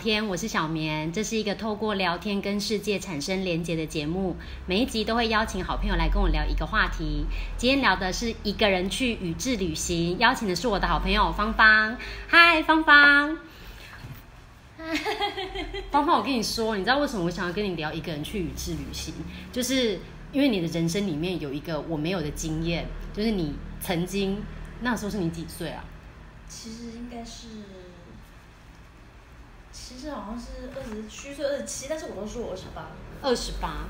天，我是小綿，這是一個透過聊天跟世界產生連結的節目。每一集都會邀請好朋友來跟我聊一個話題。今天聊的是一個人去宇治旅行，邀請的是我的好朋友芳芳。嗨，芳芳。芳芳，我跟你說，你知道為什麼我想要跟你聊一個人去宇治旅行？就是因為你的人生裡面有一個我沒有的經驗，就是你曾經那時候是你幾歲啊？其實應該是。其實好像是二十七歲二十七，27, 但是我都說我二十八。二十八，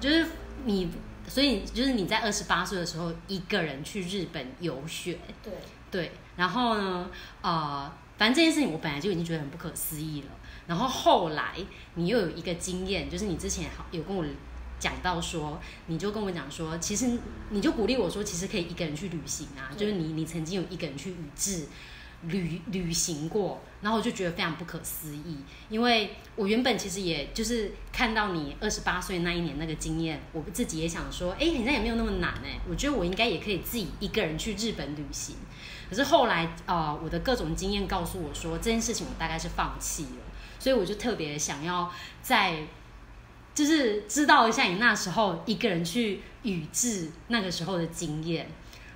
就是你，所以就是你在二十八歲的時候一個人去日本遊學。對。對。然後呢，呃，反正這件事情我本來就已經覺得很不可思議了。然後後來你又有一個經驗，就是你之前有跟我講到說，你就跟我講說，其實你就鼓勵我說，其實可以一個人去旅行啊。就是你，你曾經有一個人去宇治。旅旅行過，然後我就覺得非常不可思議，因為我原本其實也就是看到你二十八歲那一年那個經驗，我自己也想說，哎，好像也沒有那麼難哎，我覺得我應該也可以自己一個人去日本旅行。可是後來啊、呃，我的各種經驗告訴我說，這件事情我大概是放棄了，所以我就特別想要再就是知道一下你那時候一個人去宇治那個時候的經驗，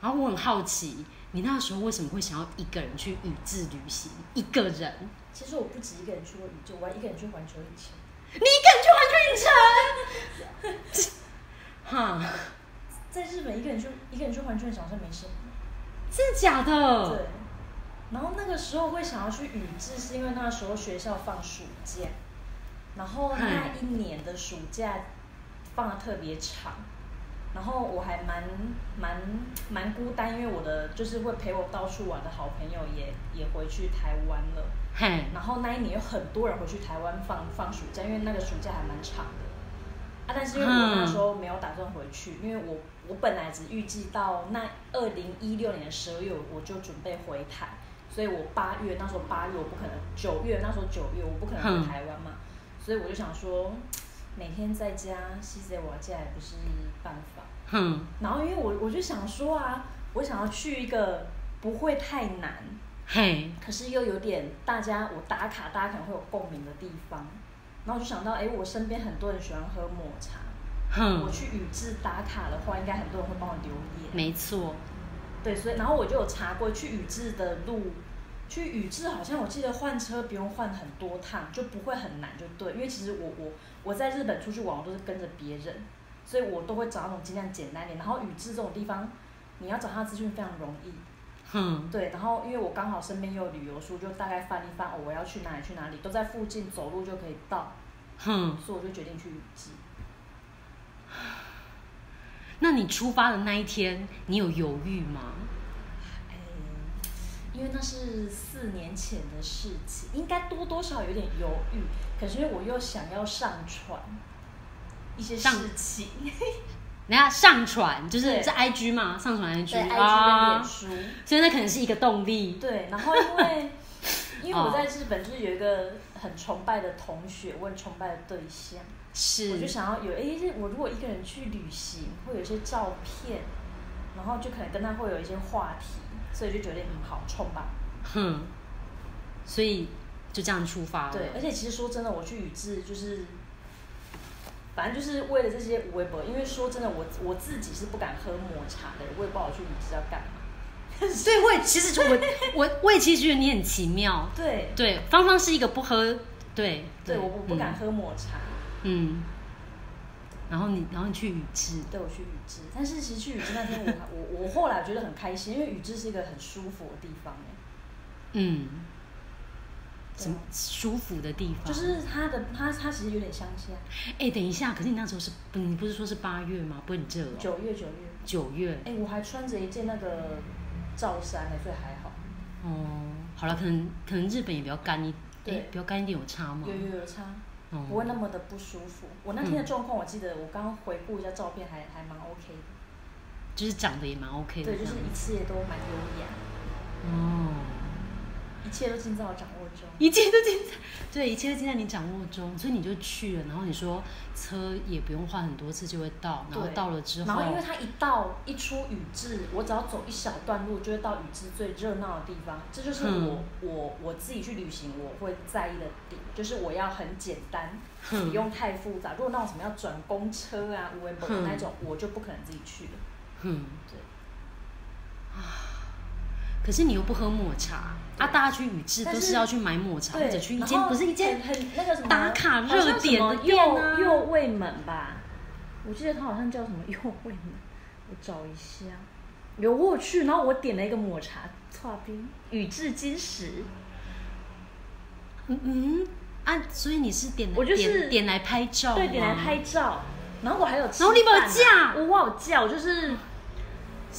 然後我很好奇。你那時候為什麼會想要一個人去宇治旅行？一個人？其實我不止一個人去過宇治，我還一個人去環球影城。你一個人去環球影城？哈 在日本一個人去一個人去環球影城好像沒事，真的假的？對。然後那個時候會想要去宇治，嗯，是因為那時候學校放暑假，然後那一年的暑假放的特別長。嗯嗯然後我還蠻蠻蠻孤單，因為我的就是會陪我到處玩的好朋友也也回去台灣了。嘿。然後那一年有很多人回去台灣放放暑假，因為那個暑假還蠻長的。啊，但是因為我那時候沒有打算回去，嗯、因為我我本來只預計到那二零一六年的十二月我就準備回台，所以我八月那時候八月我不可能，九月那時候九月我不可能回台灣嘛，嗯、所以我就想說。每天在家吸着我戒也不是辦法。嗯。然後因為我我就想說啊，我想要去一個不會太難，嘿，可是又有點大家我打卡大家可能會有共鳴的地方。然後我就想到，哎，我身邊很多人喜歡喝抹茶，嗯。我去宇治打卡的話，應該很多人會幫我留言。沒錯。對，所以然後我就有查過去宇治的路。去宇治好像我記得換車不用換很多趟，就不會很難就對，因為其實我我我在日本出去玩我都是跟着別人，所以我都會找那種盡量簡單點。然後宇治這種地方，你要找他資訊非常容易。嗯，對。然後因為我剛好身邊也有旅遊書，就大概翻一翻哦，我要去哪裡去哪裡都在附近走路就可以到。嗯，所以我就決定去宇治。那你出發的那一天，你有猶豫嗎？因為那是四年前的事情，應該多多少少有點猶豫。可是因為我又想要上傳一些事情， 等下上傳就是在 IG 嘛，上傳 IG 啊 IG。所以那可能是一個動力。對，然後因為 因為我在日本就是有一個很崇拜的同學，我很崇拜的對象，是我就想要有誒、欸，我如果一個人去旅行，會有一些照片，然後就可能跟他會有一些話題。所以就覺得很好衝吧，哼、嗯，所以就這樣出發了。對，而且其實說真的，我去宇治就是，反正就是為了這些微博。因為說真的，我我自己是不敢喝抹茶的，我也不好去宇治要幹嘛。所以我也其實就我 我我也其實覺得你很奇妙。對對，芳芳是一個不喝。對，對，對，我我不，不敢喝抹茶。嗯。嗯然後你，然後你去宇治、嗯，對我去宇治，但是其實去宇治那天我， 我我我後來覺得很開心，因為宇治是一個很舒服的地方嗯。什麼舒服的地方？就是它的，它它其實有點香香、啊。哎、欸，等一下，可是你那時候是，你不是說是八月嗎？不過你這個。九月，九月。九月。哎、欸，我還穿着一件那個罩衫呢，所以還好。哦、嗯，好了，可能可能日本也比較乾一，一對、欸、比較乾一點有差嗎？有有有差。嗯、不會那麼的不舒服。我那天的狀況，我記得，我剛剛回顧一下照片還，還、嗯、還蠻 OK 的，就是長得也蠻 OK 的，對，就是一次也都蠻優雅。嗯。哦一切都盡在我掌握中。一切都盡在，對，一切都盡在你掌握中，所以你就去了。然後你說車也不用換很多次就會到，然後到了之後，然後因為它一到一出宇治，我只要走一小段路就會到宇治最熱鬧的地方。這就是我、嗯、我我自己去旅行我會在意的點，就是我要很簡單，嗯、不用太複雜。如果那種什麼要轉公車啊、烏龜包那種、嗯，我就不可能自己去了。嗯，對，啊。可是你又不喝抹茶啊？大家去宇治都是要去買抹茶或者去一間，不是一間很、欸、那個什麼打卡熱點的店啊？右衛，衛門吧？我記得它好像叫什麼右衛門，我找一下。有我去，然後我點了一個抹茶剉冰，宇治金時。嗯嗯，啊，所以你是點我就是點，點來拍照，對，點來拍照。然後我還有吃，然後你把我叫，我我，有叫我就是。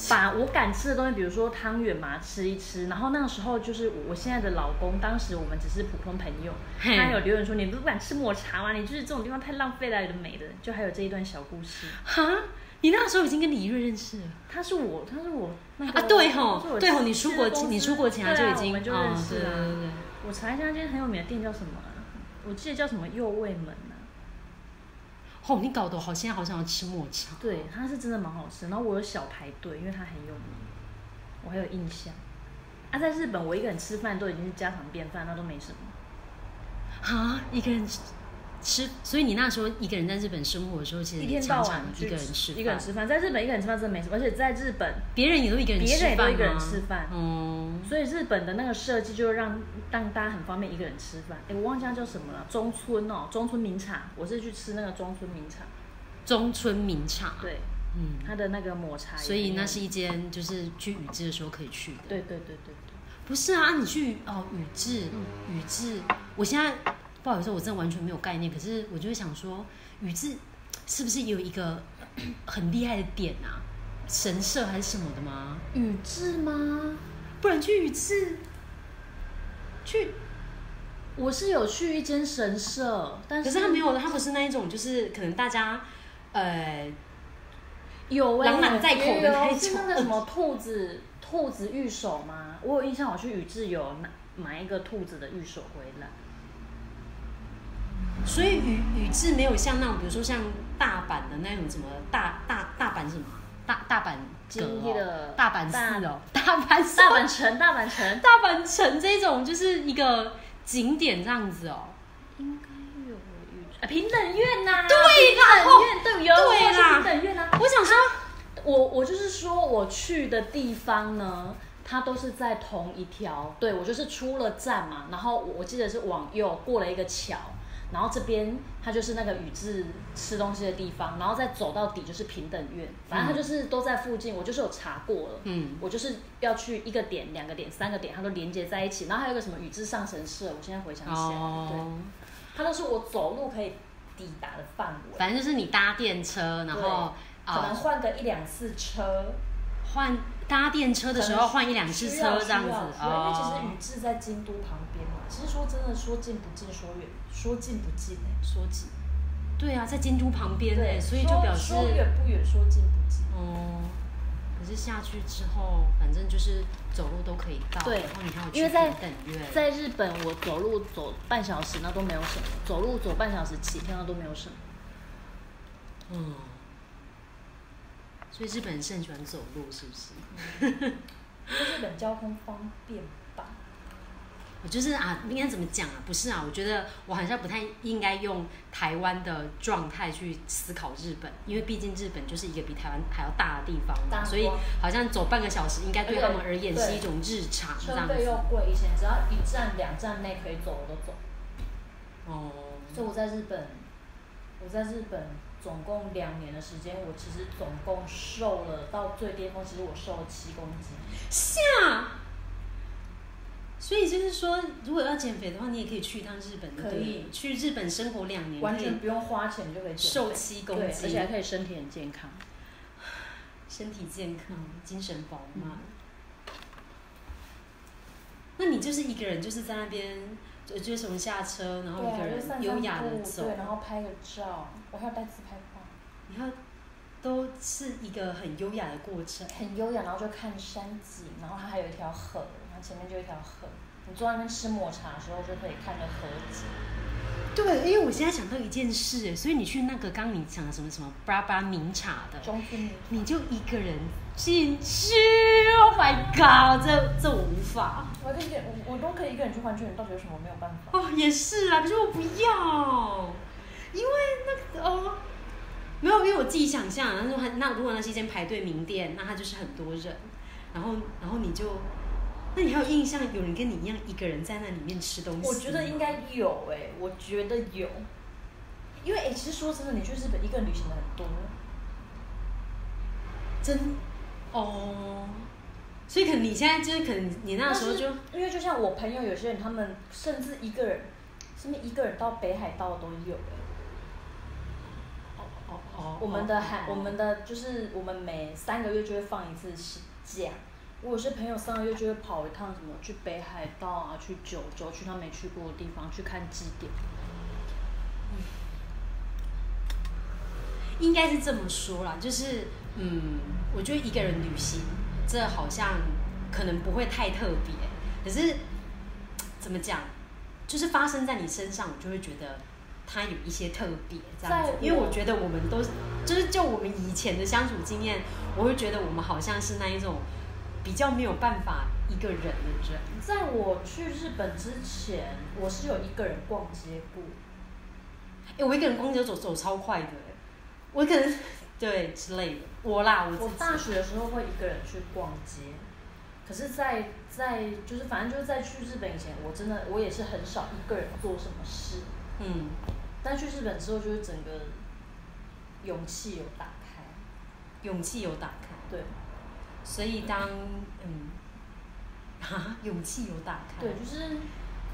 把我敢吃的東西，比如說湯圓嘛，吃一吃。然後那個時候就是我，我現在的老公，當時我們只是普通朋友。他有留言說：“你不是不敢吃抹茶嗎？你就是這種地方太浪費了，有的沒的。”就還有這一段小故事。哈，你那時候已經跟李瑞認識了。他是我，他是我，那個。啊，對吼，對吼，你出國，你出國前，啊，就已經，啊，我們就認識了。哦啊啊啊啊啊，我查一下，今天很有名的店叫什麼？我記得叫什麼右衛門，啊哦，你搞得好，現在好想要吃抹茶。對，它是真的蠻好吃，然後我有小排隊，因為它很有名，我還有印象。啊，在日本，我一個人吃飯都已經是家常便飯，那都沒什麼。啊，一個人吃。吃，所以你那時候一個人在日本生活的時候，其實一天到晚一個人吃、一、吃一個人吃飯，在日本一個人吃飯真的沒什麼，而且在日本別人也都一個人吃飯，別人也都一個人吃飯，嗯。所以日本的那個設計就讓讓大家很方便一個人吃飯。誒，我忘記叫什麼了，中村哦，中村名茶，我是去吃那個中村名茶。中村名茶，對，嗯，它的那個抹茶有有。所以那是一間就是去宇治的時候可以去的。對對對對、對、對不是啊，你去哦宇治、宇治、嗯，宇治，我現在。不好意思，我真的完全沒有概念。可是我就是想說，宇治是不是有一個很厲害的點啊？神社還是什麼的嗎？宇治嗎？不然去宇治？去？我是有去一間神社，但是可是他沒有，他不是那一種，就是可能大家呃有朗朗在口的那種。那什麼兔子 兔子御守嗎？我有印象，我去宇治有買買一個兔子的御守回來。所以宇宇治沒有像那種，比如說像大阪的那種什麼大大大阪什麼大大阪，隔壁的大阪市哦，大阪大阪城，大阪城，大阪城這種就是一個景點這樣子哦。應該有宇平等院吶，對的，平等院、啊、對有、啊哦，對啦，對平等院吶、啊。我想說，啊、我我就是說我去的地方呢，它都是在同一條，對我就是出了站嘛，然後我記得是往右過了一個橋。然後這邊它就是那個宇治吃東西的地方，然後再走到底就是平等院，反正它就是都在附近、嗯。我就是有查過了，嗯，我就是要去一個點、兩個點、三個點，它都連接在一起。然後還有個什麼宇治上神社，我現在回想起來、哦，對，它都是我走路可以抵達的範圍的。反正就是你搭電車，然後可能換個一兩次車，哦、換。搭電車的時候換一兩次車這樣子啊。因為其實宇治在京都旁邊嘛。其實說真的說近不近說，說近不近、欸，說遠說近不近說近。對啊，在京都旁邊所以就表示說,說遠不遠，說近不近。哦、嗯。可是下去之後，反正就是走路都可以到。對。你看，我在在日本，我走路走半小時那都沒有什麼，走路走半小時幾天那都沒有什麼嗯所以日本人是很喜歡走路，是不是？嗯，因為日本交通方便吧。我就是啊，應該怎麼講啊？不是啊，我覺得我好像不太應該用台灣的狀態去思考日本，因為畢竟日本就是一個比台灣還要大的地方，所以好像走半個小時應該對他們而言是一種日常。這樣子。車費又貴一些，以前只要一站兩站內可以走，我都走。哦。所以我在日本，我在日本。總共兩年的時間，我其實總共瘦了，到最巔峰，其實我瘦了七公斤。下，所以就是說，如果要減肥的話，你也可以去一趟日本可。可以去日本生活兩年，完全不用花錢就可以瘦七公斤。對，而且還可以身體很健康。身體健康，精神飽滿，嗯。那你就是一個人，就是在那邊。就從下車，然後一個人優雅的走，對，然後拍個照，我還要帶自拍框。然後，都是一個很優雅的過程。很優雅，然後就看山景，然後它還有一條河，然後前面就一條河，你坐在那吃抹茶的時候就可以看着河景。因為我現在想到一件事，所以你去那個剛剛，你講的什麼什麼巴拉巴拉名茶的明，你就一個人進去，Oh my God，這這我無法。我可以我都可以一個人去換券，到底有什麼沒有辦法？哦，也是啊，可是我不要，因為那個哦，沒有，因為我自己想象，然後那如果那是一間排隊名店，那他就是很多人，然後然後你就。那你還有印象有人跟你一樣一個人在那裡面吃東西？我覺得應該有哎、欸，我覺得有，因為哎、欸，其實說真的，你去日本一個人旅行的很多，真，哦，所以可能你現在就是可能你那時候就，因為就像我朋友有些人他們甚至一個人甚至一個人到北海道都有哎、欸哦哦哦，我們的海、哦、我們的就是我們每三個月就會放一次假。我有些朋友，上個月就會跑一趟什麼，去北海道啊，去九州，去他沒去過的地方，去看祭典。應該是這麼說啦，就是嗯，我覺得一個人旅行，這好像可能不會太特別，可是怎麼講，就是發生在你身上，我就會覺得它有一些特別這樣子。因為我覺得我們都就是就我們以前的相處經驗，我會覺得我們好像是那一種。比較沒有辦法一個人的這樣，在我去日本之前，我是有一個人逛街過。哎、欸，我一個人逛街走走超快的，我可能對之類的。我啦我，我大學的時候會一個人去逛街，可是在在就是反正就是在去日本以前，我真的我也是很少一個人做什麼事。嗯。但去日本之後，就是整個勇氣有打開，勇氣有打開，對。所以當嗯，哈，勇氣有打開。對，就是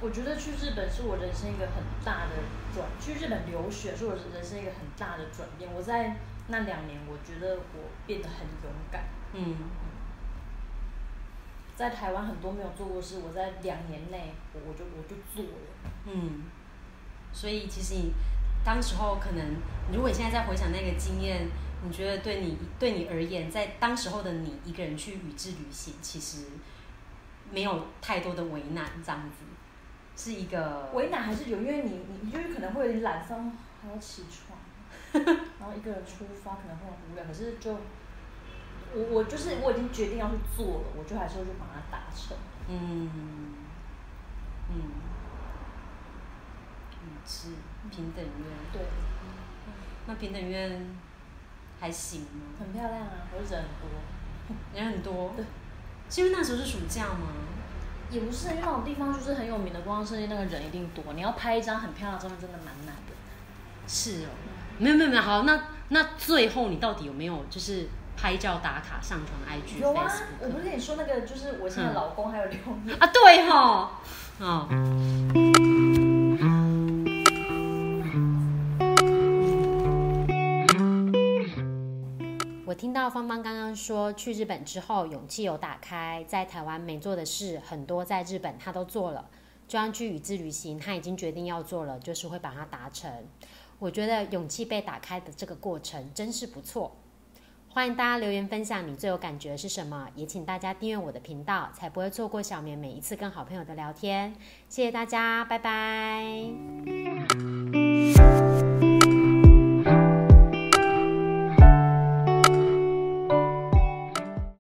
我覺得去日本是我人生一個很大的轉，去日本留學是我人生一個很大的轉變。我在那兩年，我覺得我變得很勇敢。嗯，在台灣很多沒有做過事，我在兩年內我就我就做了。嗯，所以其實你。當時候可能，如果你現在再回想那個經驗，你覺得對你對你而言，在當時候的你一個人去宇治旅行，其實沒有太多的為難，這樣子是一個。為難還是有，因為你你就是可能會有點懶，說還要起床， 然後一個人出發可能會很無聊。可是就我我就是我已經決定要去做了，我就還是會去把它達成。嗯，嗯。是平等院。對。那平等院還行嗎？很漂亮啊，我人很多。人很多。對。是因為那時候是暑假嗎？也不是，因為那種地方就是很有名的觀光勝地，那個人一定多。你要拍一張很漂亮的照片，真的蠻難的。是哦。嗯、沒有沒有沒有，好，那那最後你到底有沒有就是拍照打卡上傳 IG？有啊，有啊 Facebook? 我不是跟你說那個就是我現在老公還有留言、嗯、啊？對哈、哦。啊、 哦。芳芳剛剛說，去日本之後勇氣有打開，在台灣沒做的事很多，在日本他都做了。就像去宇治旅行，他已經決定要做了，就是會把它達成。我覺得勇氣被打開的這個過程真是不錯。歡迎大家留言分享你最有感覺的是什麼？也請大家訂閱我的頻道，才不會錯過小綿每一次跟好朋友的聊天。謝謝大家，拜拜。嗯